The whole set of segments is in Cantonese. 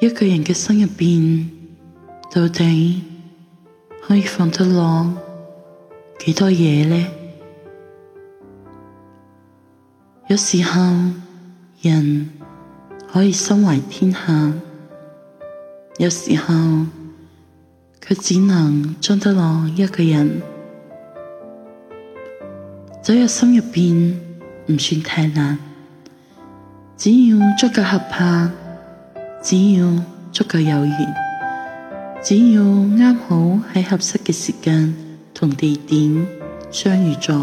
一個人嘅心入邊，到底可以放得落幾多嘢呢？有時候人可以心懷天下，有時候卻只能裝得落一個人。走入心入邊唔算太難，只要足夠合拍。只要足夠有緣，只要啱好喺合適嘅時間同地點相遇咗，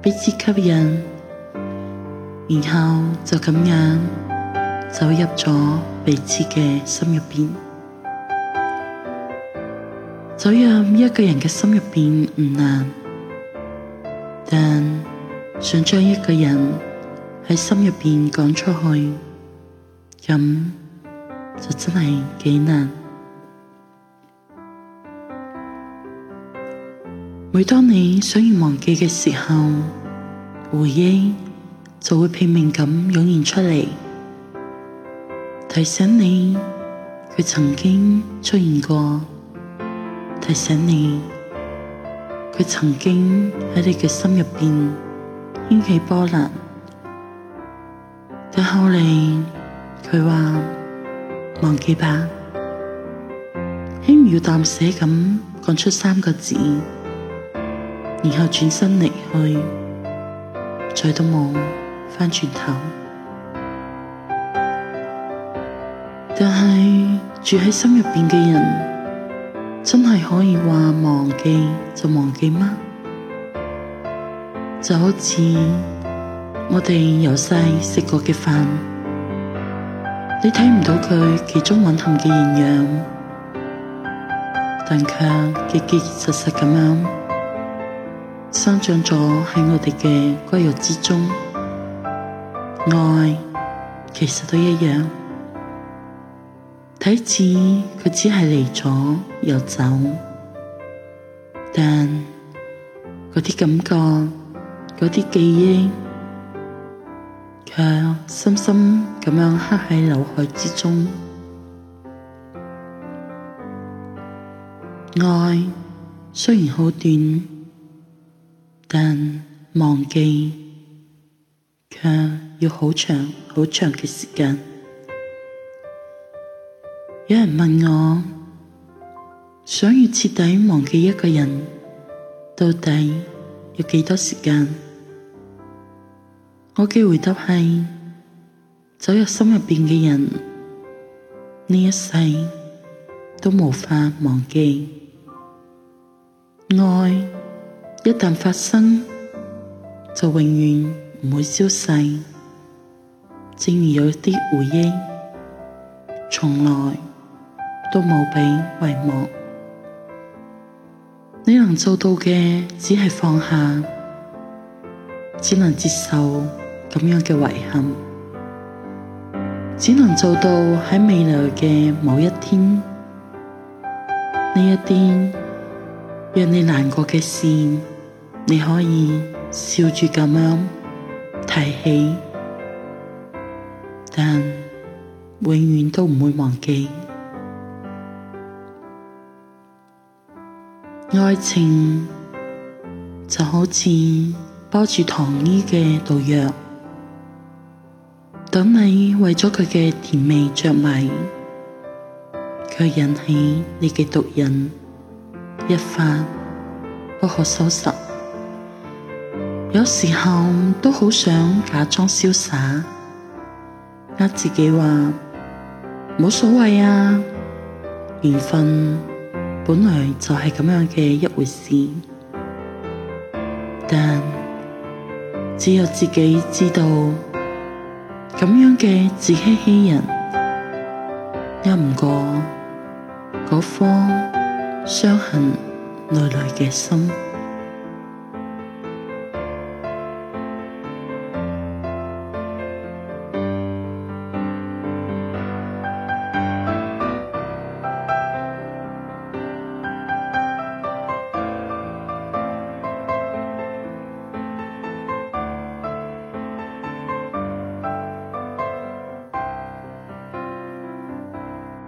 彼此吸引，然後就咁樣走入咗彼此嘅心入邊。走入一個人嘅心入邊唔難，但想將一個人喺心入邊趕出去。咁就真係幾難。每當你想要忘記嘅時候，回憶就會拼命咁湧現出嚟，提醒你佢曾經出現過，提醒你佢曾經喺你嘅心入邊掀起波瀾，但後嚟。佢話忘記吧，輕描淡寫咁講出三個字，然後轉身離去，再都冇返轉頭。但係住喺心入邊嘅人，真係可以話忘記就忘記嗎？就好似我哋由細食過嘅飯。你睇唔到佢其中蘊含嘅營養，但卻結結實實噉樣生長咗喺我哋嘅骨肉之中。愛其實都一樣，睇似佢只係嚟咗又走，但嗰啲感覺，嗰啲記憶，卻深深咁樣刻喺腦海之中。愛雖然好短，但忘記卻要好長好長嘅時間。有人問我，想要徹底忘記一個人，到底要幾多時間？我嘅回答係：走入心入邊嘅人，呢一世都無法忘記。愛一旦發生，就永遠唔會消逝。正如有一啲回憶，從來都冇被遺忘。你能做到嘅，只係放下，只能接受。咁樣嘅遺憾，只能做到喺未來嘅某一天，呢一啲讓你難過嘅事，你可以笑住咁樣提起，但永遠都唔會忘記。愛情就好似包住糖衣嘅毒藥。等你為咗佢嘅甜味着迷，卻引起你嘅毒癮，一發不可收拾。有時候都好想假裝瀟灑，呃自己話冇所謂啊！緣分本來就係咁樣嘅一回事，但只有自己知道。咁樣嘅自欺欺人，壓唔過嗰顆傷痕累累嘅心。